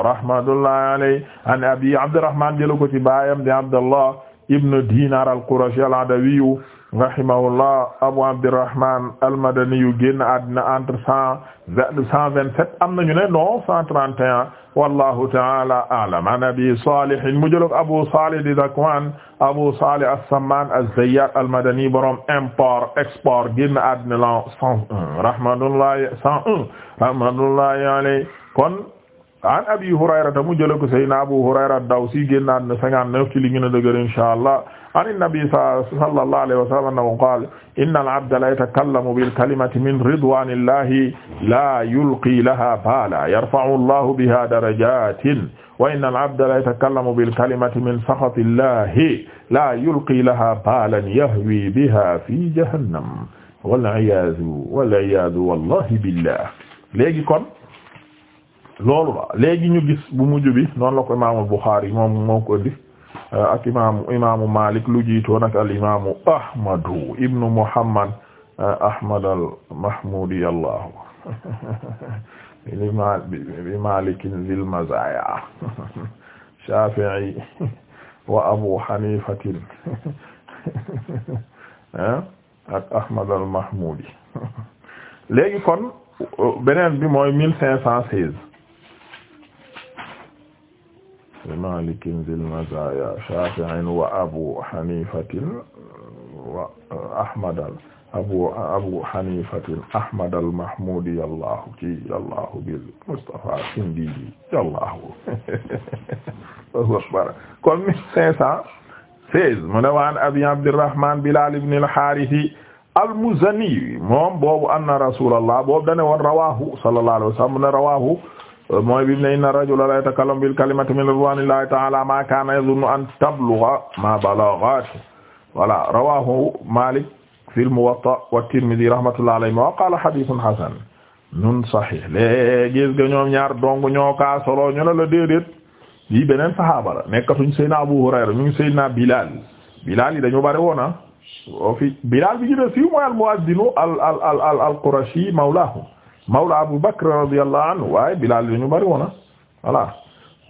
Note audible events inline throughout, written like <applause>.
rahmatullahi alayhi an abi abdurrahman jëla ko ci baayam di abdallah ibnu dinar al-qurashi al-adawiyu rahimahullah abu abdurrahman al-madaniyu génn àddina entre cent cent vingt-sept am nañu ne non cent trente et un wallahu ta'ala a'lam an abi salih mu jëlog abu salih di zakwan abu salih as-samman az-zayyat al-madani borom import export génn àddina la cent un rahmatullahi cent un rahmatullahi alayhi kon an abi hurayrata mu jële ko sayna abu hurayra dawsi génnaat na cinquante-neuf ci li gën a dëgër inshallah an innabi sallallahu alayhi wa sallam annahu qaala inna al-abda la yatakallamu bil kalimati min ridwanillahi la yulqi laha baala yarfa'u allahu biha darajatin wa inna al-abda la yatakallamu bil kalimati min sakhatillahi la yulqi laha baalan yahwi biha fi jahannam wal-'iyaadhu wal-'iyaadhu wallahi billah léegi kon loolu la léegi ñu gis bu mujj bi noonu la ko imaamu Bukhari moom moo ko di euh, ak imaamu imaamu Malik lu jiitoon ak al imaamu Ahmadu ibnu Muhammad euh, Ahmad al Mahmudi allahu <laughs> bi Malikin zil mazaya <laughs> Shafi'i <laughs> wa Abu Hanifatin eh? ak Ahmad al Mahmudi léegi kon euh, beneen bi mooy malikin zil mazaya shafi'in wa abu hanifatin wa ahmadal abu abu hanifatin ahmadal mahmudi yallahu ci yallahu bil mustafa sindiji yallahu wa <laughs> akbar kon mille cinq cent seize mu ne waan abi abdirrahman bilal ibn al harith al muzani moom boobu anna rasulullah boobu dane woon rawahu sallallahu alayhi wa sallam mu ne rawahu mooy bi ne inna rajula la yatakallamu bil kalimati min ridwanillahi ta'ala ma kana yadhunnu an tablugha ma balaghat voilà rawahu Malik fil Muwatta wa Tirmidhi rahmatullahi alayhi wa qala hadithun hasan nun sahih le gis ga ñoom ñaar dong ñoo ka solo ñu ne la déedéet yi beneen sahaaba la nekkatuñ Seydina Abu Hurayra ñu ngi Seydina Bilal Bilal yi dañu bari woona ah. o fi Bilal bi gën a siiw mooy al muaddinu al al al al al qurashi mawlahu mawla Abu Bakr radiyallahu anhu waaye Bilal dañu bari woon na voilà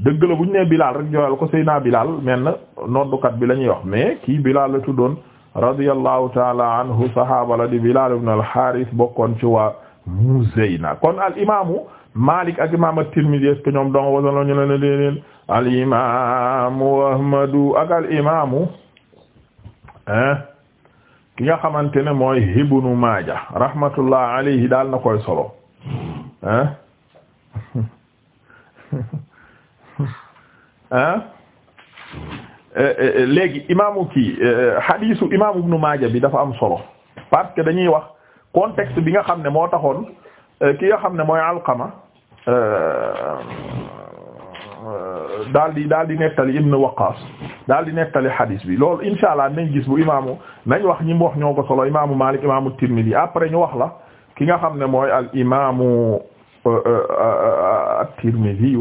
dëgg la bu ñu nee Bilal rek jooyal ko Seyna Bilal mel na noddukat bi la ñuy wax mais kii Bilal la tuddoon radiyallahu taala anhu sahaaba la di Bilal ibn al-Harith bokkoon ci waa Muzayna kon al imaamu Malik ak imaam at-Tirmidhi est-ce que ñoom dong wasaloo ñu ne la al imaamu Ahmadu ak al imaamu ki nga xamante ne mooy Ibnu Maaja rahmatullah alayhi daal na koy solo. ah ah léegi imaamu kii euh, xadiisu imaamu Ibnu Maaja bi dafa am solo parce que dañuy wax contexte bi nga xam ne moo taxoon ki nga xam ne mooy Alqama daal di daal di nettali Ibnu Waqaas daal di nettali xadiis bi loolu insha allah nañ gis bu imaamu nañ wax ñi mu wax ñoo ko solo imaamu Maalik imaamu Tirmidi après ñu wax la. ki nga xam ne mooy al imaamu euh, euh, euh, at-Tirmidhi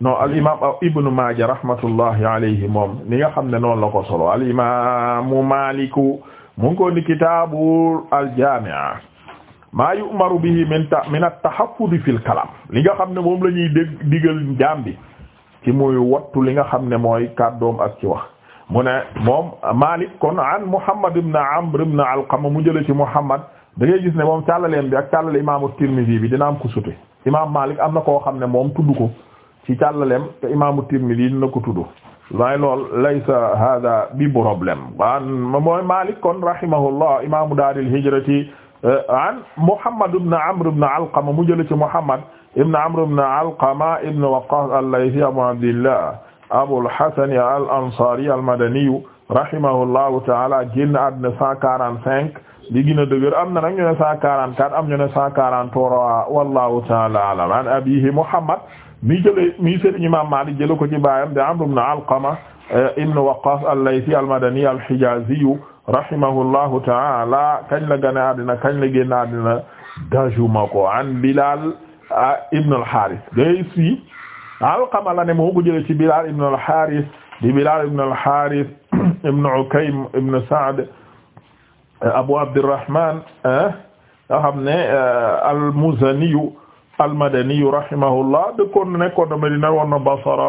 non al imaam Ibn Maaja rahmatullahi alayhi moom ni nga xam ne noonu la ko solo al imaamu mu ngi ko ni kitaabu al jaami'a maa yu'maru bihi min min at-tahaffuz li nga xam ne moom la ñuy dégg digal jaam bi ci muy wattu li nga xam ne mooy kaddoom ak ci wax mu ne moom Maalik kon an Muhammad ibn Amr ibn Alqama mu jëlee ci Muhammad da ngay gis ne moom càllaleem bi ak càllale imaamu Tirmidhi bi dina am ko sute imaam Malik am na koo xam ne moom tudd ko ci càllaleem te imaamu Tirmidhi dina ko tudd waaye lool laysa hada bi problème waan mooy Malik kon rahimahullah imaamu daaril hijrati eh, an Muhammad ibn Amr ibn Alqama mu jële ci Muhammad ibn Amr ibn Alqama ibn Waqqas al-Laythi Abu Abdillah Abul Hasan al-Ansari al-Madani rahimahullahu ta'ala génn àddina 145 li gën a dëgër am na nag ñu ne 144 am ñu ne 143 wallahu ta'ala a'lam an abihi Muhammad mi jëlee mi sëriñ Maalik jëlee ko di Amr ibn Alqama eh, ibn Waqqas al ta'ala kañ la gane àddina la génn àddina an Bilal eh, ibn al-Harith Alqama la ne moo ko jëlee ci Bilal ibn al-Harith di <clears throat> Euh, Abu Abdurrahman nga xam ne euh, al-Muzaniyu al-Madaniyu rahimahullah dëkkoon nekkoon na Medina woon na Basra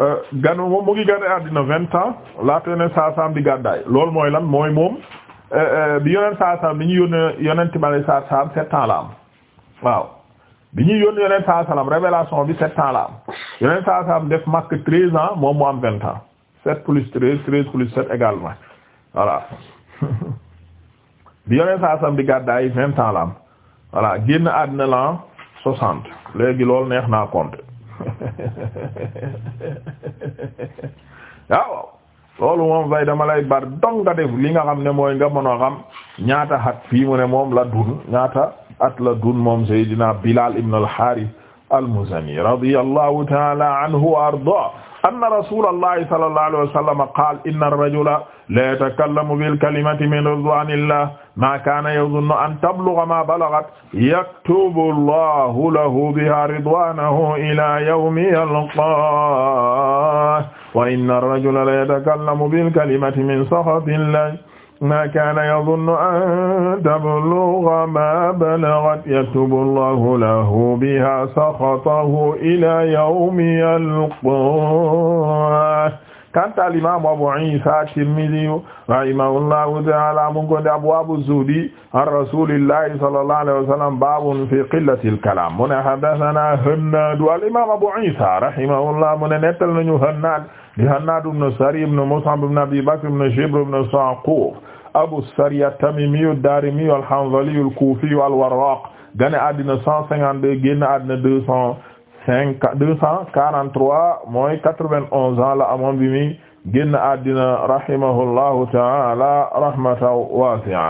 euh, ganu moom mu ngi gane àddina vingt ans laata yoneen saasaam di gàddaay loolu mooy lan mooy moom bi yoneen saasaam bi ñu yónnee yoneen timale saasaam set ans la am waaw bi ñuy yónnee yoneen saasaam révélation bi sept ans la am yoneen saasaam def marque treize ans moom mu am vingt ans sept plus treize treize plus sept également voilà <laughs> bi yoneen saa sam di gàddaay vingt ans am voilà génn àddina l'an soixante léegi loolu neex naa compter <laughs> waaw loolu moom fay dama lay bar dong nga def li nga xam ne mooy nga mën a xam ñaata at fii mu ne moom la dun ñaata at la dun moom Seydina Bilal ibn al-Harith al ta'ala anhu arda anna rasulallahi sallallahu alayhi wa sallam qaala inna ar-rajula la yatakallamu bil kalimati min ridwanillah ma kaana yadhunnu an tablugha ma balaghat yaktubu Allahu lahu biha ridwanahu ila yawmi yalqaahu wa inna ar-rajula la yatakallamu bil kalimati min sakhatillah ma kaana yadunnu an tablugha ma balagat yaktubu allahu lahu biha saxatahu ila yawmi yalqaahu kanta al imaamu abu isa tirmidiyu rahimahullahu taala mu ngi ko di abwaabu zuhdi an rasulillahi sallallahu alayhi wa sallam baabun fi qillatil kalaam mu ne haddasanaa Hannaad al imaamu abu isa rahimahullah mu ne nettal nañu Hannaad di Hannaad ibn Sari ibn Mus'ab ibn Abi Bakr ibn Shibr ibn Saaquf Abu Sariya at-Tamimiyu ad-Darimiyu al-Hanzaliyu al-Kufiyu al-Warraq gane àddina 152 génn àddina 250 243 mooy 91 ans la amoon bi mi génn àddina rahimahullahu ta'ala rahmatan wasi'a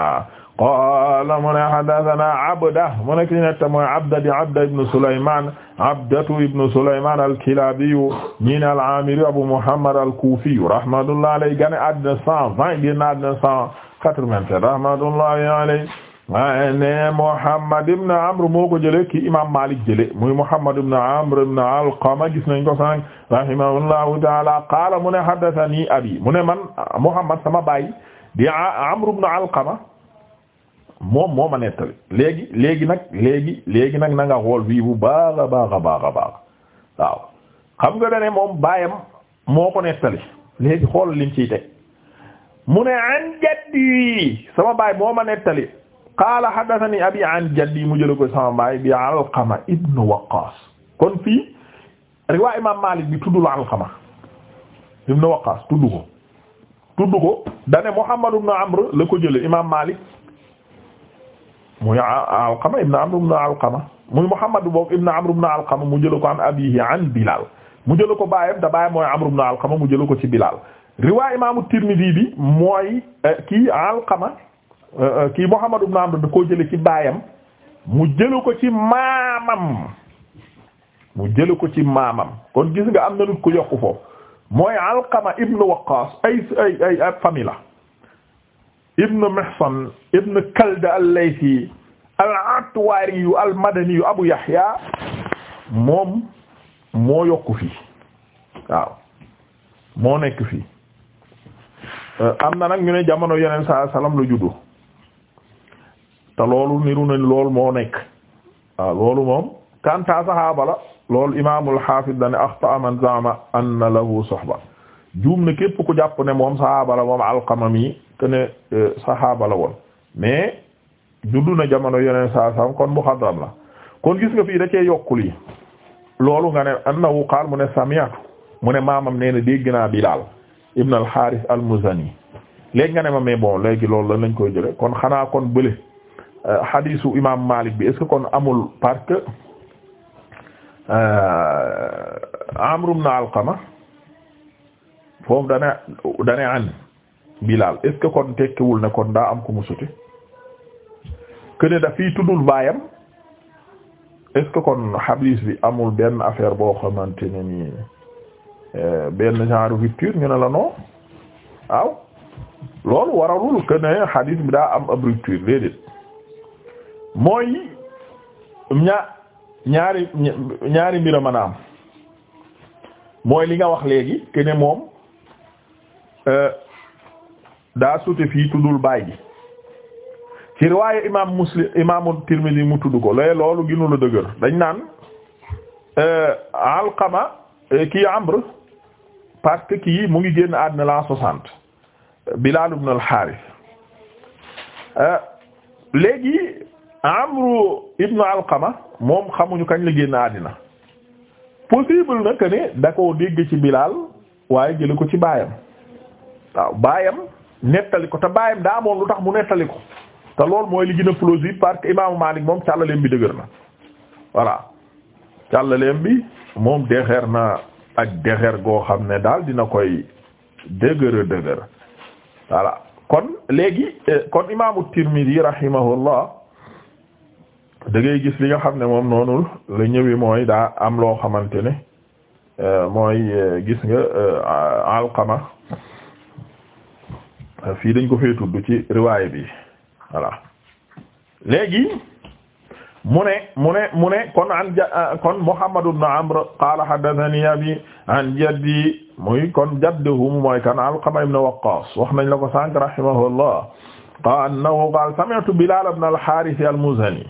qaala mu ne haddathana Abda mu nekk ñu netta mooy Abda di Abda ibn Sulaymaan Abdatu ibn Sulaymaan al-Kilaabiyu ñi ne al-Aamiriyu Abu Muhammad al-Kufiyu rahmatullahi alayhi gane àddina 120 génn àddina 100 87 rahmatullahi alayhi ma ne Muhammad ibn Amr moo ko jële ki imam Malik jëlee muy Muhammad ibn Amr ibn Alqama gis nañ ko sànq rahimahullahu ta'ala qaala mu ne haddathani abi mu ne man Muhammad sama baay di Amr ibn Alqama moom moo ma nettali léegi léegi nag léegi léegi nag na nga xool bii bu baax a baax a baax a nga ne moom baayam moo ko nettali léegi xool liñ ciy mu ne an jaddi sama baay moo ma nettali qaala hadathani abi an jaddi mu jëla ko sama baay bi alqama ibnu waqaas kon fii riwaa imam malik bi tuddul alqama ibnu waqaas tudd ko tudd ko dane muhammad ibnu amr la ko jële imam malik muy alqama ibnu amr ibnu alqama muy muhammad boobu amr ibnu alqama mu jëla ko an abihi an bilal mu jëla ko baayam da baay mooy amr ibnu alqama mu jëla ko ci bilaal riwaay imaamu Tirmidi bi mooy eh, kii Alqama eh, eh, kii Muhammad ibn Amr da koo jële ci baayam mu jële ko ci maamam mu jële ko ci maamam kon gis nga am na nit ko yokku foofu mooy Alqama ibn Waqqas ay ay ay ay famille la ibn Mihsan al-Laythi al-Atwari yu al-Madani Abu Yahya moom moo yokku fii waaw moo nekk fii Euh, am na nag ñu ne jamono yeneen saa salaam la juddu te loolu niru na lool moo nekk waaw loolu moom kanta saxaaba la loolu imaamul xaafis dane axta man zama anna lahu soxba juum ne képp ku jàpp ne moom saxaaba la moom alqama mi que ne euh, saxaaba la woon mais juddu na jamono yeneen saa salaam kon muxadram la kon gis nga fii da cee yokkul yi loolu nga ne annahu qaal mu ne sami'tu mu ne maamam nee na naa Bilaal ibn al-Harith al nga ne ma mais bon léegi loolu lan lañ koy jële kon xanaa kon bële euh, hadisu imam Malik bi est kon amul parce que euh, Amr ibn Alqama foofu dane dane an Bilal est-ce que kon ne kon daa am ko mu suti kene da tuddul baayam est kon hadis bi amul benn affaire boo xamante ne nii Euh, benn genre rupture ñu ne la non waaw loolu waralul que ne xadis bi daa am ab rupture déedéet mooy ña ñaari ñaari mbir mën a am mooy li nga wax léegi que ne moom euh, daa sute fii tuddul baay ji ci riwaaye imaam muslim imaamu tirmidi mu tudd ko lay loolu ginu la dëgër dañ naan euh, alqama kii ambr park que kii mu ngi génn àddina la soixante Bilaal ibn al-Haaris euh, léegi Amru ibn Alqama moom xamuñu kañ la génn àddina possible na que ne da dégg ci Bilaal waaye jële ko ci baayam waaw baayam nettali ko te baayam daa amoon lu tax mu nettali ko te loolu mooy li gën a plausible parce que imaamu Maalik moom càllaleem bi dëgër na voilà càllaleem bi moom dexeer na ak dexer goo xam ne daal dina koy dëgër dëgër voilà kon léegi eh, kon imaamu Tirmidhi rahimahullah da ngay gis li nga xam ne moom noonul la ñëwi mooy daa am loo xamante ne eh, mooy eh, gis nga alqama fii dañ ko fee tudd ci riwaay bi voilà léegi mu ne mu ne mu ne kon an eh, kon Muhammad ibn Amr qaala haddathani abi an jaddi muy kon jadduhum mooy kan Alqama ibn Waqqas wax nañ la ko sànq rahimahullah qaala annahu qaala sami'tu Bilal ibn al-Harith al-Muzani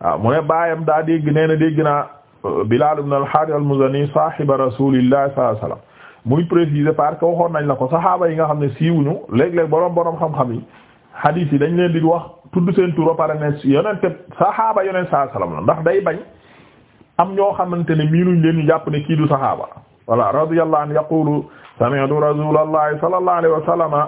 waaw mu ne baayam daa dégg nee na dégg naa eh, Bilal ibn al-Harith al-Muzani sahiba Rasulillah sallallahu alayhi wasallam muy préciser parce que waxoon nañ la ko saxaaba yi nga xam ne siiwuñu léeg-léeg boroom boroom xam-xam yi hadith yi dañ leen di wax tudd seen tur ba pare ne yonente saxaaba yonent saa salaam la ndax day bañ am ñoo xamante ne miinuñ leen ñu jàpp ne kii du saxaaba voilà radiyallahu an yaqulu sami'tu rasulallahi sallallahu alayhi wa sallama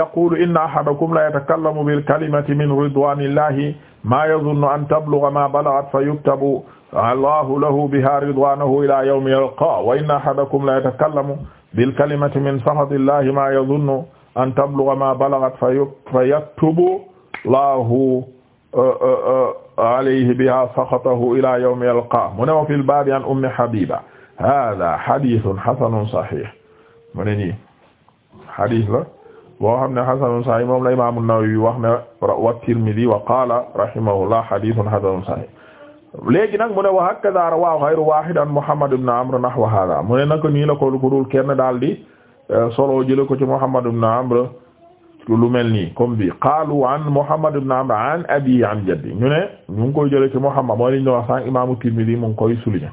yaqulu inna ahadakum la yatakallamu bil kalimati min ridwanillahi ma yadhunnu an tablugha ma balaghat fa yuktabu allahu lahu biha ridwanahu ila yawmi yalqa wa inna ahadakum la yatakallamu bil kalimati min sakhatillahi ma yadhunnu an tablugha ma balaghat fa yaktubu laahu uh, uh, uh, alayhi biha saqatahu ila yawmi yalqa mu ne wa fil baabi an ummi habiba hada hadithun hasanun sahih mu ne nii hadith la boo xam ne hasanun sahih moom la imam an-Nawawi wax ne wa Tirmidhi wa qala rahimahullah hadithun hasanun sahih léegi nag mu ne wa hakadha rawa ghayru wahid an Muhammad ibn Amr nahwa hada mu ne naka nii la ko dul kenn daal di solo jële ko ci Muhammad ibn Amr lu mel ni comme bi qaalu an Muhammad ibn Amr an abi an jaddi ñu ne ñu ngi koy jële ci Muhammad mooy liñ doon wax sànq imaamu Tirmidhi mu ngi koy souligné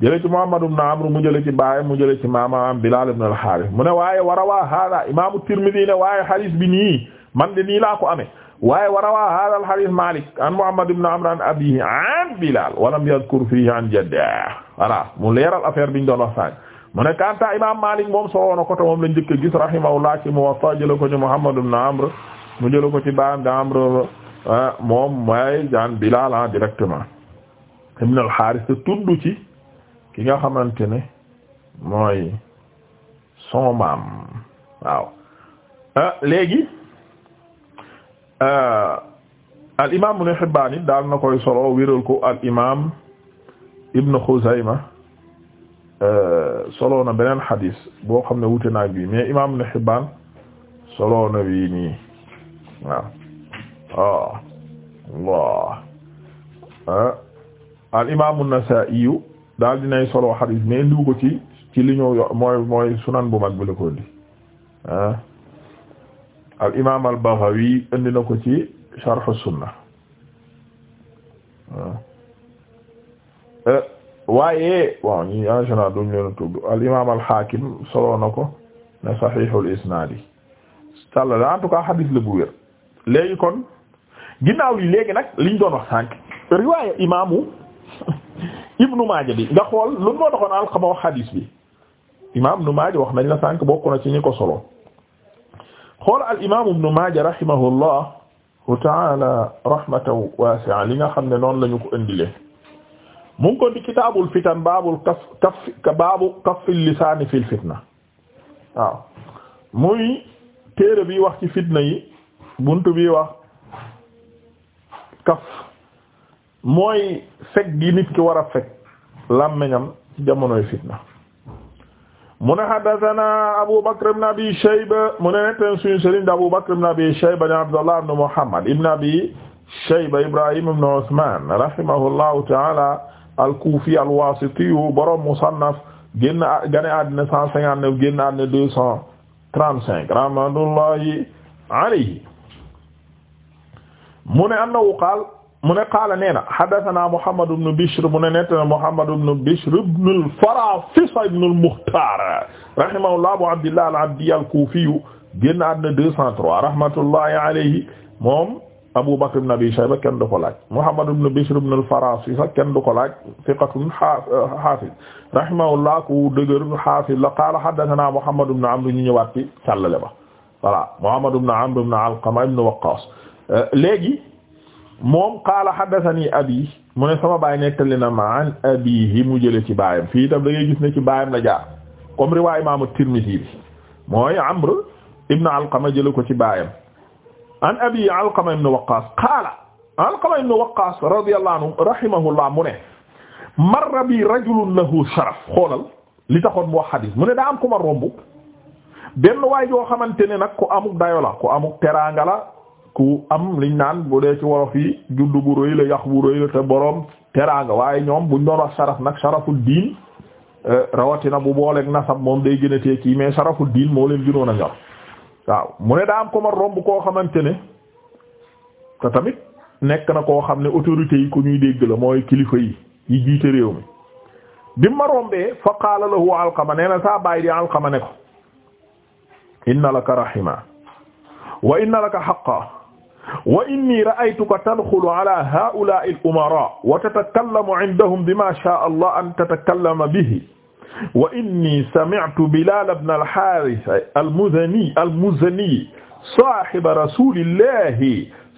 jële ci Muhammad ibn Amr mu jële ci baay mu jële ci maamaam Bilaal ibn al-Haaris mu ne waaye warawaa hada imaamu Tirmidhi ne waaye xadiis bi nii man de nii laa ko amee waaye warawaa hada al-hadiis Maalik an Muhammad ibn Amr an abiihi an Bilaal walam yadkur fiihi an jaddihi mu leeral affaire biñ doon wax sànq mu ne kanta imam Malik moom solo na ko te moom lañ njëkk gis rahimahullah ci Muwatta jëla ko ci Muhammad ibn Amr mu jëla ko ci baa de Amr ah, moom may jaan Bilal ah, directement ibn al-Harith ci ki nga xamante ne mooy son maam waaw ah, léegi al imam Ibn Hibban daal na koy solo wéral ko al imam Ibn Khuzaymah Euh, solo na beneen xadis boo xam ne wute naag bi mais imaam Ibn Hibbaan solo na bii nii waaw waaw ah, waaw ah, al imaam An-Nasaa'i daal dinay solo xadis mais ndiw ko ci ci li ñëw mooy mooy sunan bu mag bi la ko indi ah al imaam Al-Baghawi indi na ko ci Sharh sunnah ah. eh, waaye bon ñi en général duñ leen tudd al imaam al solo na ko ne sahihul isnaad yi sàllale en tout cas hadith la bu wér léegi kon ginnaaw li léegi nag liñ doon wax sànq riwaaye imaamu <laughs> ibnu maaja bi nga xool lu moo taxoon alxama wax hadith bi imaam ibnu maaja wax nañ la sànq bokk na ci ñi ko solo xool al imaam ibnu maaja rahimahullahu ta'ala rahmatan wasi'a li nga xam ne noonu lañu ko indilee mu ngi ko di kitaabul fitan baabul kaf kaf baabu kaffil lisaani fil fitna waaw muy téere bi wax ci fitna yi buntu bi wax kaf mooy fekk gi nit ki war a fekk làmmiñam ci jamonoy fitna mu ne haddathana Abu Bakr ibn Abi Shayba mu ne netten suñu sëriñ de Abu Bakr ibn Abi Shayba ne Abdullah ibn Muhammad ibn Abi Shayba Ibrahim ibn Usman rahimahullahu ta'ala al-Kufi al-Wasiti borom Musannaf génn gane àddina cent cinquante neuf génn àddina deux cent trente cinq rahmatullahi alayhi mu ne annahu qaal mu ne qaala nee na haddathana Muhammad ibn Bishr mu ne nettana Muhammad ibn Bishr ibn al-Farafisa ibn al-Mukhtar rahimahullah Abu Abdillah al-Abdi al-Kufi génn àddina deux cent trois rahmatullahi alayhi moom Abu Bakr ibn Abi Shayba kenn du ko laaj Muhammad ibn Bishr ibn al-Farasi sax kenn du ko laaj thiqatun hafiz rahimahullah ku dëgër hafiz la qala haddathana Muhammad ibn Amr ñu ñëwaat ci càllale ba voilà Muhammad ibn Amr ibn Alqama ibn Waqqas euh, léegi moom qaala haddathani abi mu ne sama baay nettali na ma an abihi mu jële ci baayam fii itam da ngay gis ne ci baayam la jaar comme riwaay Imam Tirmidhi bi mooy Amr ibn Alqama jële ko ci baayam an abi alqama ibn waqas qaala alqama ibn waqas radiyallahu anhu rahimahullah mu ne marra bi rajulun lahu sharaf xoolal li taxoon mu wax xadis mu ne daa am ku ma romb benn waay joo xamante ne nag ku amuk dayo la ku amuk teraanga la ku am liñ naan bu dee ci wolof yi juddu bu rëy la yax bu rëy la te boroom teraanga waaye ñoom buñ doon wax sharaf nag sharaful diin eh, rawatina bu booleeg nasab moom day gën a teeki mais sharaful diin moo leen gënoon a ñor waaw mu ne daa am ko ma romb koo xamante ne te tamit nekk na koo xam ne autorités yi ku ñuy dégg la mooy kilifa yi yi jiite réew mi bi ma rombee fa qaala lahu alqama nee na saa bàyyi di alqama ne ko inna laka rahima wa inna laka haqqa wa inni ra'aytuka tadxulu ala haa'ulaa'i al-umaraa wa tatakallamu indahum bimaa shaa'a allah an tatakallama bihi wa inni sami'tu Bilal ibn al-Harith al-Muzani al-Muzani sahib rasulillah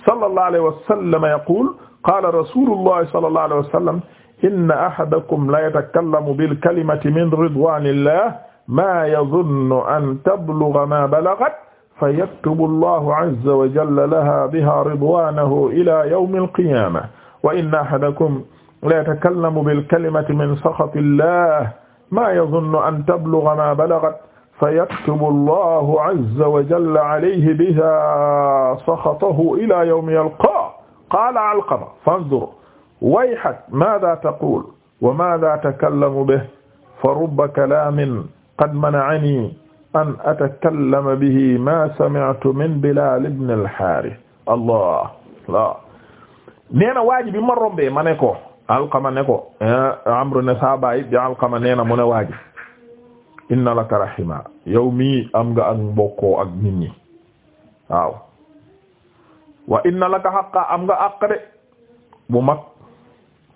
sallallahu alayhi wa sallam yaqul qala rasulullah sallallahu alayhi wa sallam inna ahadakum la yatakallamu bil kalimati min ridwanillah ma yadhunnu an tablugha ma balaghat fayaktubu Allahu azza wa jalla laha biha ridwanahu ila yawmi al-qiyamah wa inna ahadakum la yatakallamu bil kalimati min sakhati Allah maa yazunnu an tablugha maa balagat fa yaktubu allahu azza wa jalla alayhi biha saxatahu ila yawmi yalqaa qaala alqama fanzur wayhak maada taqul wa maada takallamu bihi fa rubba kalaamin qad mana'anii an atakallama bihi maa sami'tu min Bilaal ibn al-Haarith allah la nee na waa ji bi ma rombee ma ne ko alqama ne ko eh, amru ne saa baay bi alqama nee na mu ne waaji inna laka rahima yow mii am nga ak mbokkoo ak nit ñi waaw wa inna laka xaqa am nga àq de bu mag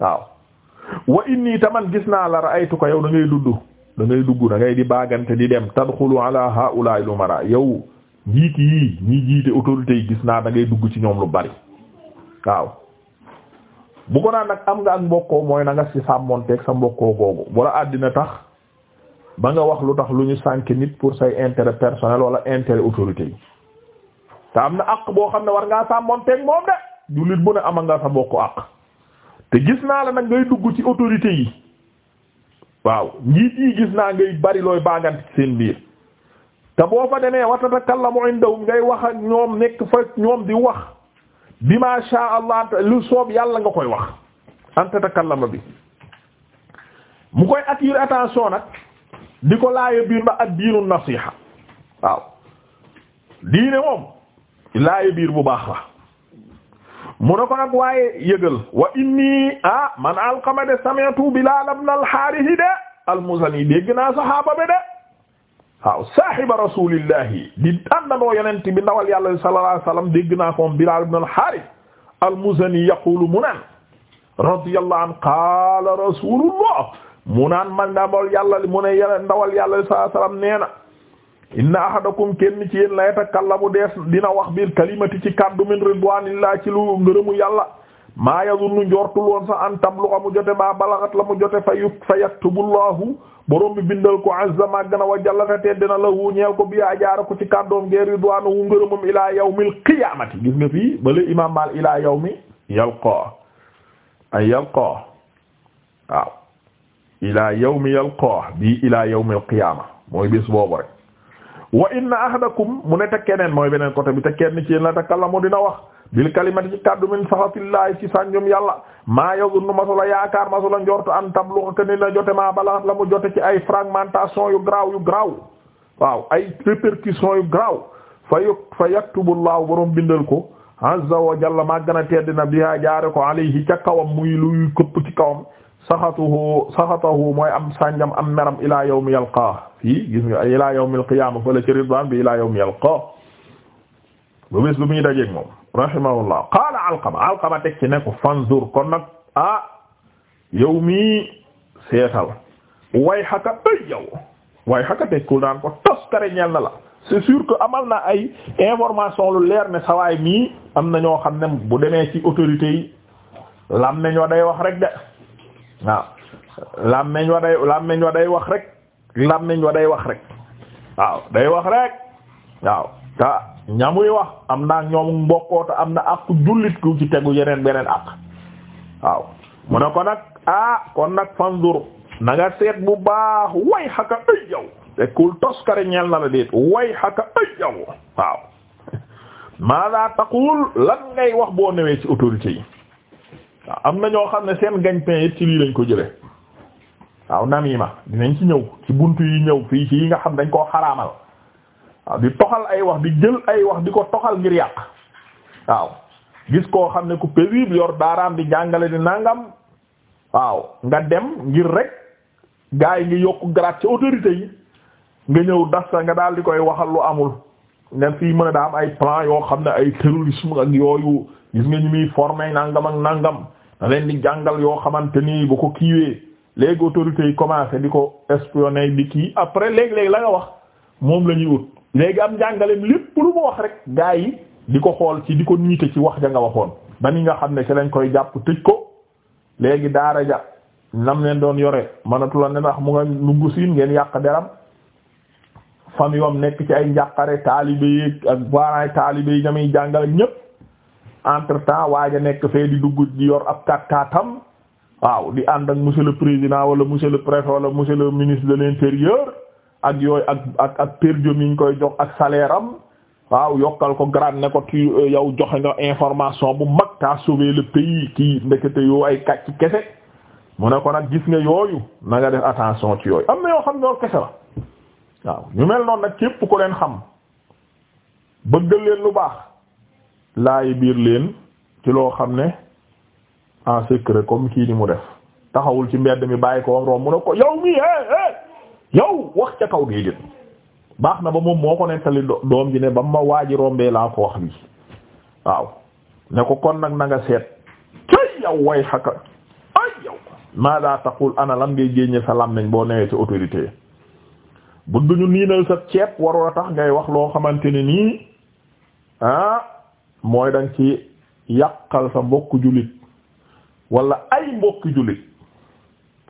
waaw wa inni taman gis naa la ra'aytuka yow da ngay ngay dugg da ngay di baagante di dem tadxulu ala haula'il umara yow njiit yi ñi jiite autorité yi gis naa da ngay dugg ci ñoom lu bari waaw bu ko naan nag am nga ak mbokkoo mooy nanga nga ci sàmmonteeg sa mbokkoo googu bu àddina tax ba nga wax lu tax lu ñu sànk nit pour say intérêt personnel wala intérêt autorité yi te am na àq boo xam ne war ngaa sàmmonteeg moom de jullit bu ne ama nga sa mbokk àq te gis naa la nag ngay dugg ci autorité yi waaw njiit yi gis naa ngay bari looy baagante ci seen biir te boo fa demee wa tatakallamu indahum ngay wax ak ñoom nekk fa ñoom di wax bi ma sha allah lu soob yàlla nga koy wax anta takallama bi mu koy attirer attention nag di ko laaya biir ba ak diinu nasiha waaw diine moom laaya biir bu baax la mu ne ko nag waaye yëgal wa inni ah man alqama de sami'tu bilal ibn al harith de al muzani dégg naa saxaaba be de waaw saahiba rasulillahi di àndandoo yonent bi ndawal yàlla sallallahu alayhi wasallam dégg naa bi laal ibn al-Haaris al-Muzani yaqulu mu naan radiyallahu anhu qaala rasulullah mu naan man ndawal yàlla mu ne ndawal yàlla sallallahu alayhi wasallam nee na inna ahadakum kenn ci yéen la yatakallamu dees dina wax biir kalimati ci kaddu min ridwanillah ci lu ngërëmu yàlla maa yazunnu njortul woon sax an tabluga mu jote maa balagat la mu jote fa yu fa yaktubullahu borom bi bindal ko azza maggana wa jallata teddina lahu ñeel ko bi ajaara ko ci kàddoom ngeer ridwaanu wu ngërëmam ilaa yawmil qiyaamati gis fii bale imam mal ilaa yawmi yalqa ay yalqa waaw ilaa yawmi yalqa bi ilaa yawmil qiyaama mooy bés boobu rek wa inna ahadakum mu ne keneen mooy beneen côté bi te kenn ci yéen la takallamu dina wax bil kalimati ci kaddu min saxatillahi ci sànjum yàlla maa yazunnu masula yaakaar masula njortu an tablu ko la jote maa bala la mu jote ci ay fragmentation yu graw yu graw waaw ay répercussions yu graw fa yu fa yaktubullahu borom bindal ko azza wa jalla maa gën a tedd na biha jaare ko alayhi ca kawam muy luy këpp ci kawam saxatuhu saxatahu mooy am sànjam am meram ila yawmi yalqaa fii gis nga ila yawmil ci ridwaan ila yawmi yalqaa ba bés bu muy dajeek moom rahimahullah qaala alqama alqama teg ci ne ko fanzur kon nag ah yow mii seetal way xaka ay yow way xaka tekkul daan ko toskare ñeel na la c'est sûr que amal na ay information lu leer ne sawaay mii am na ñoo xam ne bu demee ci autorité yi lam meñ wa day wax rek de waaw lam meñ wa day wax rek lam meñ wa day wax rek waaw day wax rek waaw ta ñamuy wax am naa ñoom mbokkoota am na ak jullit ku ci tegu yeneen beneen ak waaw mu ne ko nag ah kon nag fandur na seet bu baax way xaka ay yow te kul toskare ñeel na la déet way xaka ay yow waaw <laughs> maada taqul lan ngay wax boo newee ci autorité yi waaw am na ñoo xam ne seen gagne-pain yëpp ci lii lañ ko jële waaw namima dinañ ci ñëw ci buntu yi ñëw fii ci yi nga xam dañ koo xaraamal waaw di toxal ay wax di jël ay wax di ko toxal ngir yàq waaw gis koo xam ne ku paisible yor daaraam di jàngale di nangam waaw nga dem ngir rek gaa yi ngi yokk grade ci autorité yi nga ñëw dasta nga daal di koy waxal lu amul nga fii mën a daa am ay plan yoo xam ne ay terrorisme ak yooyu gis nga ñu muy formé nangam ak nangam leen di jàngal yoo xamante ni bu ko kiiwee léegi autorités yi commencé di ko espionner di kii après léegi-léegi la nga wax moom la ñuy léegi am njàngaleem lépp lu mu wax rek gaa yi di ko xool ci di ko niite ci wax ja nga waxoon ba ni nga xam ne ci lañ koy jàpp tëj ko léegi daara ja nam leen doon yore manatula ne ndax mu nga nungu siin ngeen yàq deram famiyom nekk ci ay njàqare taalibe yi ak parents taalibe yi ñamuy jàngale ñépp entre temps waaja nekk fee di dugg di yor ab katkaatam waaw di ànd ak monsieur le président wala monsieur le préfet wala monsieur le ministre de l'intérieur ak yooyu ak ak ak perjo mi ñu koy jox ak salaire am waaw yokkal ko grade ne ko tu euh, yow joxe nga information bu mag taa sauver le pays kii ndekete yoo ay kàcc kese mu ne ko ak gis nga yooyu na nga def attention ci yooyu am na yoo xam ne kese la waaw ñu mel noon nag képp ku leen xam bëggal leen lu baax laay biir leen ci loo xam ne en secret comme kii ni mu def taxawul ci mbedd mi bàyyi ko wax rom mu ne ko yow mi yow wax ca kaw déedéet baax na ba moom moo ko nettali doom ji ne ba ma waaji rombee laa ko wax lii waaw ne ko kon nag nanga seet cay yow way xaka ay yow maada taqul ana lan ngay génne sa làmmiñ boo newee ci autorité bëgg ñu niinal sa ceeb waroo a tax ngay wax loo xamante ne nii ah mooy danga ci yàqal sa mbokku jullit wala ay mbokk jullit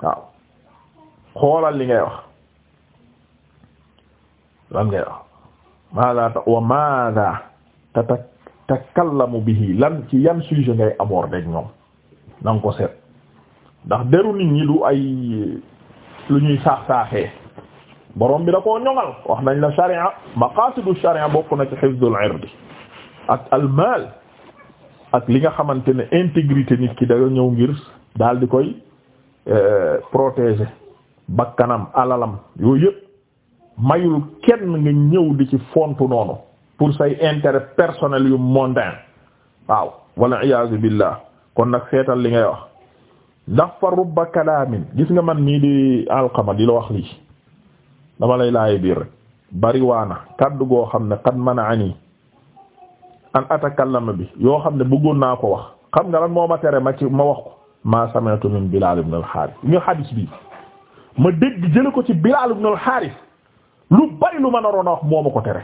waaw xoolal li ngay wax lan ngay wax maada wa maada tata takallamu bihi lan ci yan sujet ngay aborder ak ñoom na nga ko seet ndax deru nit ñi du ay lu ñuy saax-saaxee borom bi da koo ñoŋal wax nañ la sharia maqasidu sharia bokk na ci hifdul irdi ak almal ak li nga xamante ne intégrité nit ki daga ñëw ngir daal di koy euh, protéger bakkanam alalam yooyu yëpp mayul kenn nga ñëw di ci fontu noonu pour say intérêt personnel yu mondain waaw walla iyaazu billah kon nag seetal li ngay wax ndax fa rubba kalaamin gis nga man nii di alqama di la wax lii dama lay laaye biir rek bariwaana kaddu goo xam ne qad mana ani an atakallama bi yoo xam ne bëggoon naa ko wax xam nga la moo ma tere ma ci ma wax ko ma sami'tu min Bilaal ibn al ñu xadis bi ma dégg jële ko ci Bilaal ibn al lu bari lu ma naroon a wax moo ma ko tere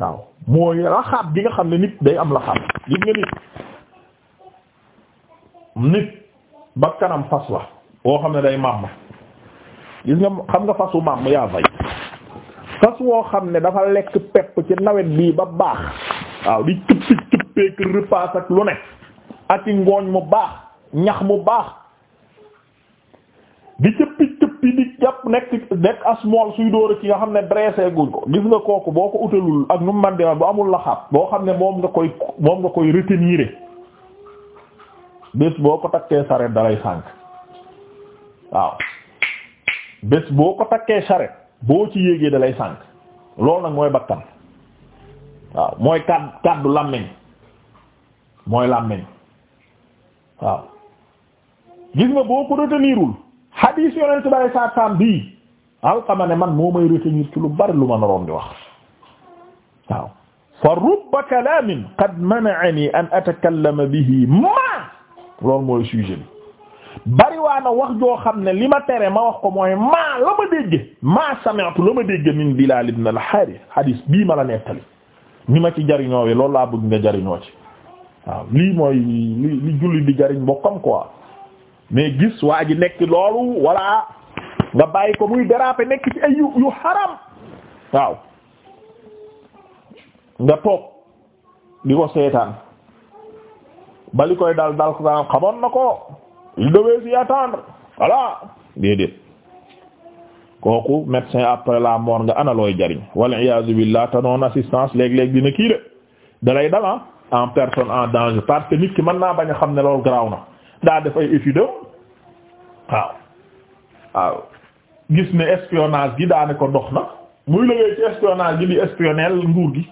waaw mooy laxaab gi nga xam ne nit day am laxaab gis nga nit nit ba kanam fas la boo xam ne day màmm gis nga xam nga fasu màmm yaa bay fas woo xam ne dafa lekk pepp ci nawet bii ba baax waaw di cuppi cuppeek repas ak lu ne ak ngooñ mu baax ñax mu baax di cëppi bi di jàpp nekk nekk as suy dóor ci nga xam ne dressé guñ ko gis nga kooku boo ko utalul ak nu mu man dema bu amul laxaab boo xam ne moom nga koy moom nga koy retenir bés boo ko takkee charrette dalay sànk waaw bés boo ko takkee charrette boo ci yéegee dalay sànk loolu nag mooy bakkan waaw mooy kàddu làmmiñ mooy làmmiñ waaw gis nga boo ko retenirul xadiis yonent bare saat saam bii Alqama ne man moo may retenir ci lu bari lu ma naroon di wax waaw fa rubba kalaamin qad mana'ani an atakallama bihi ma loolu mooy sujet bi bariwaana wax joo xam ne li ma tere ma wax ko mooy maa la ma dégge maa sami'tu la ma dégge min Bilaal ibn al-Haaris xadiis bii ma la nettali ni ma ci jariñoo wi loolu laa bëgg nga jariñoo ci waaw lii mooy li li julli di jariñ bokkam quoi mais gis waa ji nekk loolu walla nga bàyyi ko muy déraper nekk ci ay yu yu xaram waaw nga toog di ko seetaan bali koy dal dal ko daan na ko il devait s'y attendre voilà déedéet kooku médecin après la mort nga ana looy jariñ walla iyaazu billah te non assistance léeg-léeg dina kii de dalay dala ah. en personne en danger parce que nit man mën naa xam ne loolu garaaw na daa def ay études waaw waaw gis ne espionnage gi daane ko dox na muy liggéey ci espionnage gi di espionner nguur gi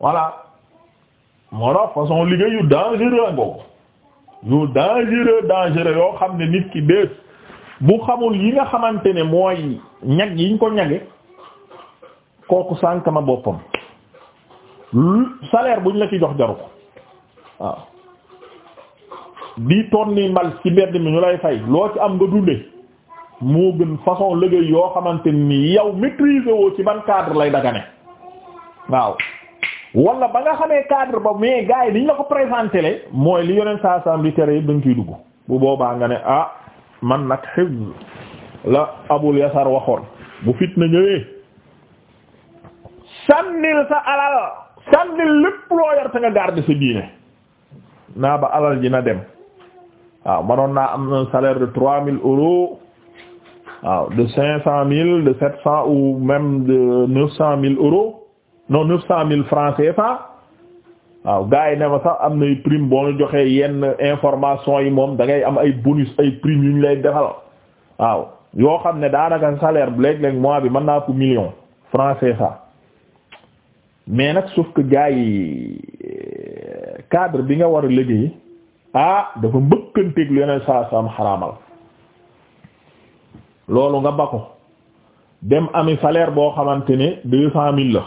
voilà moo tax façon liggéey yu dangereux ngoogu yu dangereux dangereux yoo xam ne nit ki bés bu xamul yi nga xamante ne mooy ñag yiñ ko ñage kooku sànk na boppam salaire buñ la ci jox jaru ko waaw di tonni mal ci mbedd mi ñu lay fay loo ci am nga dunde moo gën façon liggéey yoo xamante ni yow maîtriser woo ci ban cadre lay dagane waaw wala ba nga xamee cadre ba mais gars yi niñ la ko présenté mooy li yoneen saa saam di tere yëpp dañ ciy dugg bu boobaa nga ne ah man nag xifz la abul yasar waxoon bu fitna ñëwee sànnil sa alal sànnil lépp loo yor te nga garder sa diine naa ba alal ji na dem waaw manoon naa am un salaire de trois mille euros waaw de cinq cent mille de sept cent ou même de neuf cent mille euros non neuf cent mille francs CFA waaw gars yi ne ma sax am nay prime boo joxee yenn information yi moom da ngay am ay bonus ay prime yu ñu lay defal waaw yoo xam ne daanaka salaire bu léeg-léeg mois bi mën naa ko million francs CFA mais nag sauf que gars yi eh, cadre bi nga war a liggéey ah dafa mbëkk njëkkanteeg yeneen saa saam xaraamal loolu nga ba dem ami salaire boo xamante ne deux cent mille la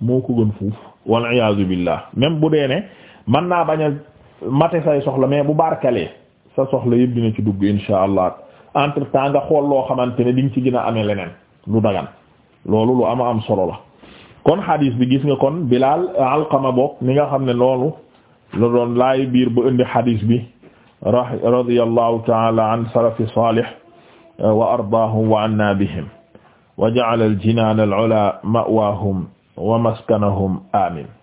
moo ko gën fuuf wal iyaazu billah même bu dee ne mën naa bañ mate say soxla mais bu barkalee sa soxla yëpp dina ci dugg insha allah entre temps nga xool loo xamante ne di nga ci gën a amee leneen lu dagan loolu lu ama am solo la kon xadiis bi gis nga kon Bilaal Alqama bokk ni nga xam ne loolu la doon laay biir ba indi xadiis bi radiyallahu ta'ala an salafi salih wa ardaahum wa anna bihim wa ja'ala al-jinaan al-'ulaa ma'waahum wa maskanahum amiin